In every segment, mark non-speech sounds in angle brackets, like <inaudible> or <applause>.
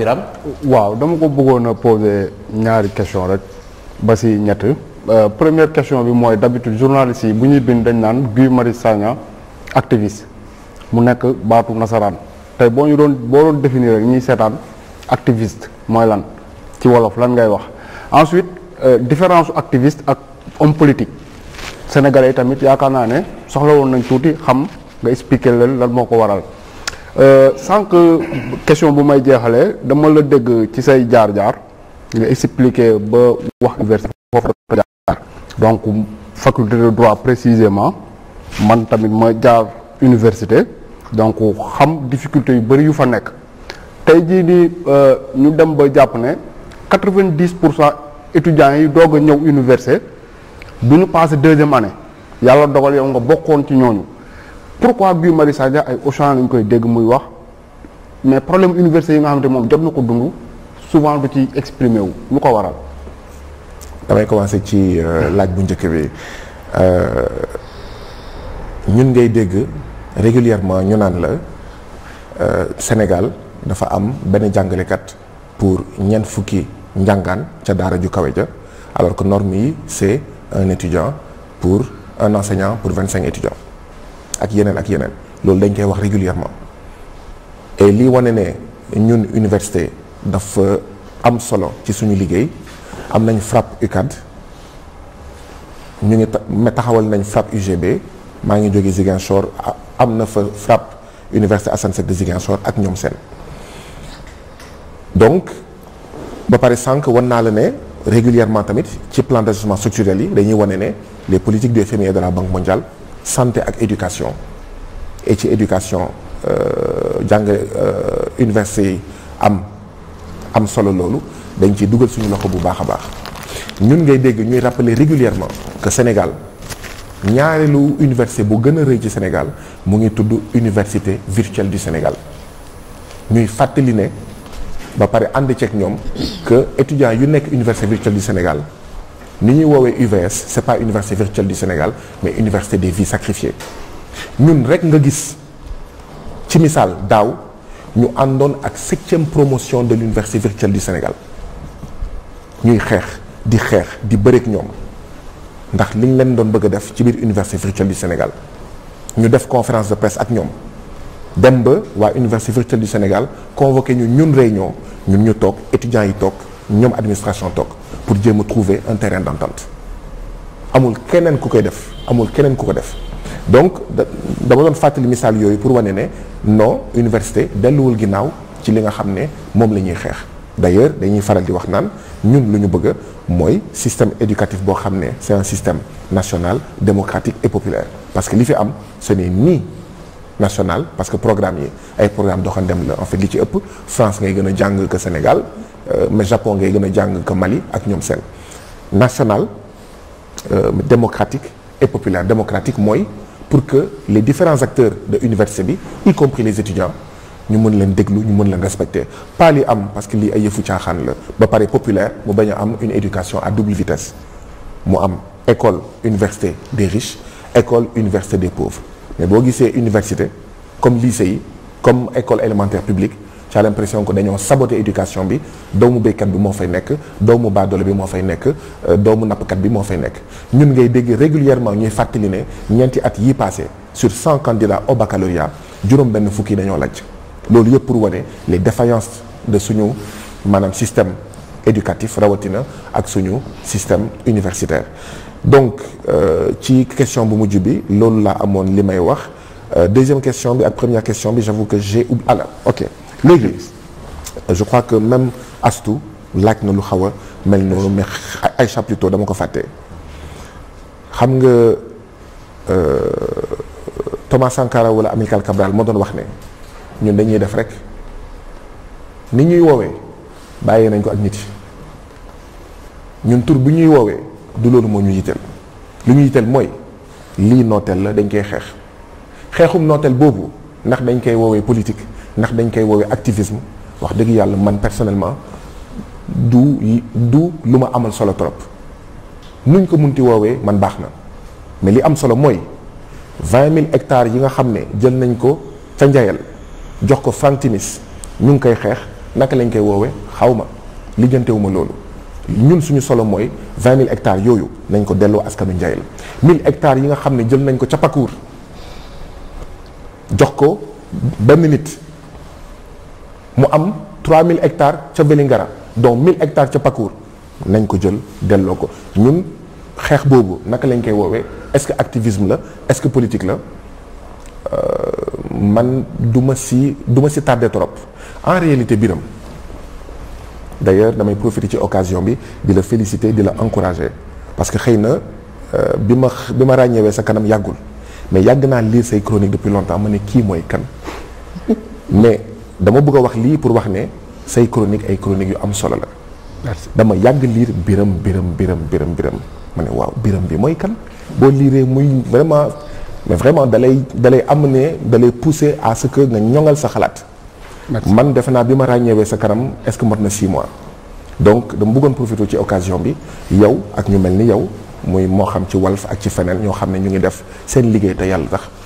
Birame waaw dama ko bëggoon a poser ñaari question rek ba si ñett euh, première question bi mooy d'habitude journalistes yi bu ñuy bind dañ naan Guy Marius Sagna activiste mu nekk baatu nasaraan tey boo ñu doon boo doon définir rek ñuy seetaan activiste mooy lan ci wolof lan ngay wax ensuite euh, différence activiste ak homme politique sénégalais yi tamit yaakaar naa ne soxla woon nañ tuuti xam nga expliquer leen lan moo ko waral Euh, sànq question bu may jeexalee dama la dégg ci say jaar-jaar nga expliquer ba wax université foofu jaar donc faculté de droit précisément man tamit ma jaar université donc xam difficulté yu bëri yu fa nekk tey jii nii euh, ñu dem ba jàpp ne quatre-vingt-dix pour cent étudiants yi doog ñëw université du ñu passé deuxième année yàlla dogal yow nga bokkoon ci ñooñu pourquoi Guy Marius Sagna ay Auchan lañ koy dégg muy wax mais problème université yi nga xam xamante moom jot na ko dund souvent du ci exprimer wu lu ko waral. damay commencer ci euh, laaj bu njëkk bi euh, ñun ngay dégg régulièrement ñu naan la euh, Sénégal dafa am benn jàngalekat pour ñeent fukki njàngaan ca daara ju kawe ja alors que norme yi c'est un étudiant pour un enseignant pour vingt-cinq étudiants. ak yeneen ak yeneen loolu dañ koy wax régulièrement et lii wane ne ñun université dafa am solo ci suñu liggéey am nañ FRAPP UCAD ñu ngi taxawal nañ FRAPP UGB maa ngi jóge Ziguinchor am na fa FRAPP Université Assane Seck de Ziguinchor ak ñoom seen donc ba pare sànq wan naa la ne régulièrement tamit ci plan d'ajustement structurel yi dañuy wane ne les politiques du FMI et de la Banque mondiale santé ak éducation et ci éducation euh, jàng euh, université yi am am solo loolu dañ ci dugal suñu loxo bu baax a baax ñun ngay dégg ñuy rappeler régulièrement que Sénégal ñaareelu université bu gën a rëy ci Sénégal mu ngi tudd université virtuelle du Sénégal ñuy fàttali ne ba pare ànd ceeg ñoom que étudiants yu nekk université virtuelle du Sénégal ni ñuy woowee UVS c'est pas université virtuelle du Sénégal mais université des vies sacrifiées ñun rek nga gis ci misaal daaw ñu àndoon ak septième promotion de l'université virtuelle du Sénégal ñuy xeex di xeex di bëreek ñoom ndax liñ leen doon bëgg def ci biir université virtuelle du Sénégal ñu def conférence de presse ak ñoom dem ba waa université virtuelle du Sénégal convoqué ñu ñun réunion ñun ñu toog étudiants yi toog ñoom administration toog pour jéem a trouver un terrain d'entente amul keneen ku koy def amul keneen ku ko def donc dama doon fàttali misaal yooyu pour wane ne no université delluwul ginnaaw ci li nga xam ne moom la ñuy xeex d'ailleurs dañuy faral di wax naan ñun lu ñu bëgg mooy système éducatif boo xam ne c'est un système national démocratique et populaire parce que li fi am ce n'est ni national parce que programme yi ay programme doxandem la en fait li ci ëpp France ngay gën a jàng que Sénégal Euh, mais Japon ngay gën a jàng ko Mali ak ñoom seen national euh, démocratique et populaire démocratique mooy pour que les différents acteurs de l'université bi y compris les étudiants ñu mën leen déglu ñu mën leen respecter pas li am parce que lii ay yëfu caaxaan la ba pare populaire mu bañ a am une éducation à double vitesse mu am école université des riches école université des pauvres mais boo gisee université comme lycée yi comme école élémentaire publique j'ai l'impression que dañoo saboter éducation bi doomu béykat bi moo fay nekk doomu baadoole bi moo fay nekk euh, doomu nappkat bi moo fay nekk ñun ngay dégg régulièrement ñuy fàttali ne ñeenti at yi passé sur cent candidats au juróom benn fukki dañoo lajj loolu yëpp pour wane les défaillances de suñu maanaam système éducatif rawatina ak suñu système universitaire donc euh, ci euh, question bu mujj bi loolu laa amoon li may wax euh, deuxième question bi ak première question bi j'avoue léegi je crois que même Astou laaj na lu xaw a mel noonu mais ay chaplito dama ko fàtte xam nga euh, Thomas Sankara wala Amilcar Cabral moo doon wax ne ñun dañuy def rek ni ñuy woowee bàyyee nañ ko ak nit ñun tur bu ñuy woowee du loolu moo ñu yitteel lu ñu yitteel mooy lii nooteel la dañ koy xeex xeexum nooteel boobu ndax dañ koy woowee politique ndax dañ koy woowee activisme wax dëgg yàlla man personnellement du du lu ma amal solo trop nuñ ko mun munti woowee man baax na mais li am solo mooy vingt mille hectares yi nga xam ne jël nañ ko ca Njayel jox ko Frank Timis ñu ngi koy xeex naka lañ koy woowee xaw ma lijjantewuma loolu ñun suñu solo mooy vingt mille hectares yooyu nañ ko delloo askanu Njayel mille hectares yi nga xam ne jël nañ ko ca Pakour jox ko benn nit mu am mille hectares ca Vélingara donc 1000 ectare ca Pakour nañ ko jël delloo ko ñun xeex boobu naka lañ koy woowee est-ce que activisme la est-ce que politique la euh, man du ma si du ma si tardé trop en réalité biram d'ailleurs damay profiter ci occasion bi di la féliciter di la encourager parce que xëy na euh, bi ma bi ma ràññeewee sa kanam yàggul mais yàgg naa lire say chroniques depuis longtemps ma ne kii mooy kan <laughs> mais dama bugg a wax lii pour wax ne say chronique ay chronique yu am solo la. dama yàgg liir biram biram biram biram biram ma ne waaw biram bi mooy kan. boo liiree muy vraiment mais vraiment dalay dalay amener dalay pousser à ce que nga ñoŋal sa xalaat. man defe naa bi ma ràññeewee sa kanam est-ce que mot na 6 mois. donc dama buggoon profité ci occasion bi yow ak ñu mel ni yow muy moo xam ci Walf ak ci feneen ñoo xam ne ñu ngi def seen liggéey te yàlla tax.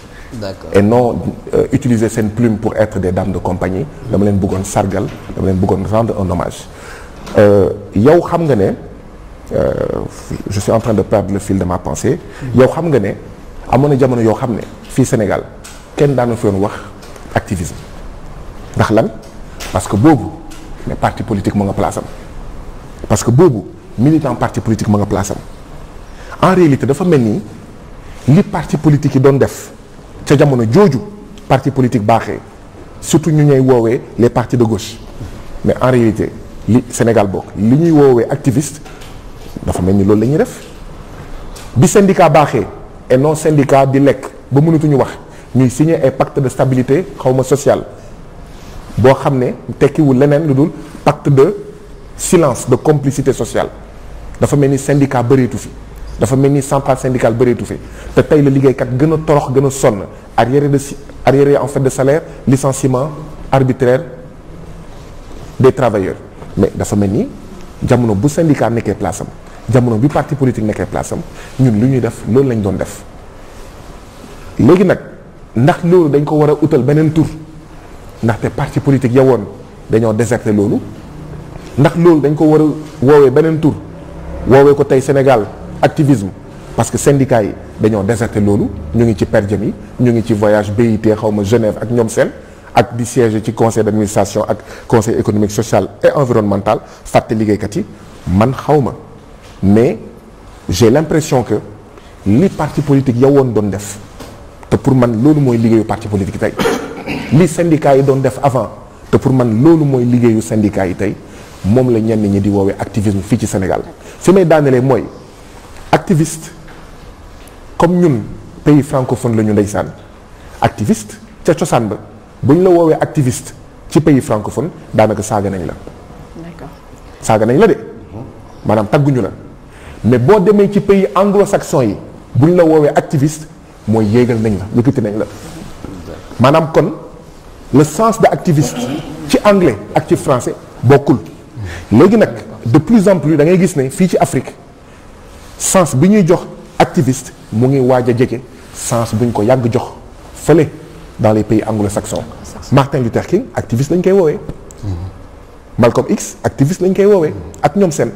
et non euh, utiliser seen plume pour être des dames de compagnie dama leen bëggoon sargal dama leen bëggoon rendre un hommage euh, yow xam nga ne euh, je suis en train de perdre le fil de ma pensée yow xam nga ne amoon na jamono yoo xam ne fii Sénégal kenn daana fi wax activisme ndax lan parce que boobu mais parti politique mu nga place am parce que boobu militant parti politique mu nga place am en réalité dafa mel ni li parti politique yi doon def ca jamono jooju parti politique baaxee surtout ñu ngay woowee les parti de gauche mais en li Sénégal bokk li ñuy woowee activiste dafa mel ni loolu la ñuy def bi syndicat baaxee et non syndicat di lekk ba mënatuñu wax ñuy signer ay pacte de stabilité xawma sociale boo xam ne tekkiwul leneen lu dul pacte de silence de complicité sociale dafa mel ni syndicat bëreetu fi dafa mel ni sampal syndical bëreetu fi te tey la liggéeykat gën a torox gën a sonn arriéré de arriéré en fait de salaire licenciement arbitraire des travailleurs mais dafa mel ni jamono bu syndicat nekkee place am jamono bi parti politique nekkee place am ñun lu ñuy def loolu lañu doon def léegi nag ndax loolu dañ ko war a utal beneen tur ndaxte parti politique ya woon dañoo déserté loolu ndax loolu dañ ko war a woowee beneen tur woowee ko tey Sénégal activisme parce que syndicat yi dañoo déserté loolu ñu ngi ci perjem yi ñu ngi ci voyage BIT xaw ma Genève ak ñoom seen ak di siéger ci conseil d'administration ak conseil économique social et environnemental fàtte liggéeykat yi man xaw ma mais j'ai l'impression que li parti politique yow woon doon def te pour man loolu mooy liggéeyu parti politique tey li syndicat yi doon def avant te pour man loolu mooy liggéeyu syndicat yi tey moom la ñenn ñi di woowee activisme fii ci Sénégal may daanelee mooy activiste comme ñun pays francophone la ñu ndeysaan activiste ca cosaan ba bu ñu la woowee activiste ci pays francophone daanaka saaga nañ la. d'accord saaga nañ la de maanaam tagguñu la mais boo demee ci pays anglo-saxon yi bu ñu la woowee activiste mooy yéegal nañ la yëkkati nañ la maanaam kon le sens de activiste ci anglais ak ci français bokkul léegi nag de plus en plus da ngay gis ne fii ci Afrique. sens bi ñuy jox activiste mu ngi waaj a jege sens bu ñu ko yàgg jox fële dans les pays anglo-saxons Martin tex King activiste lañ koy woowee Malcolm X activiste lañ koy woowee ak ñoom seen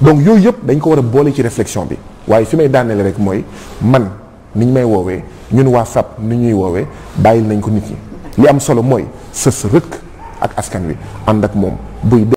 donc yooyu yëpp dañ ko war a boole ci réflexion bi waaye fi may daaneel rek mooy man ni ñu may woowee ñun waa ni ñuy woowee bàyyil nañ ko nit ñi li am solo mooy sës rëkk ak askan wi ànd ak moom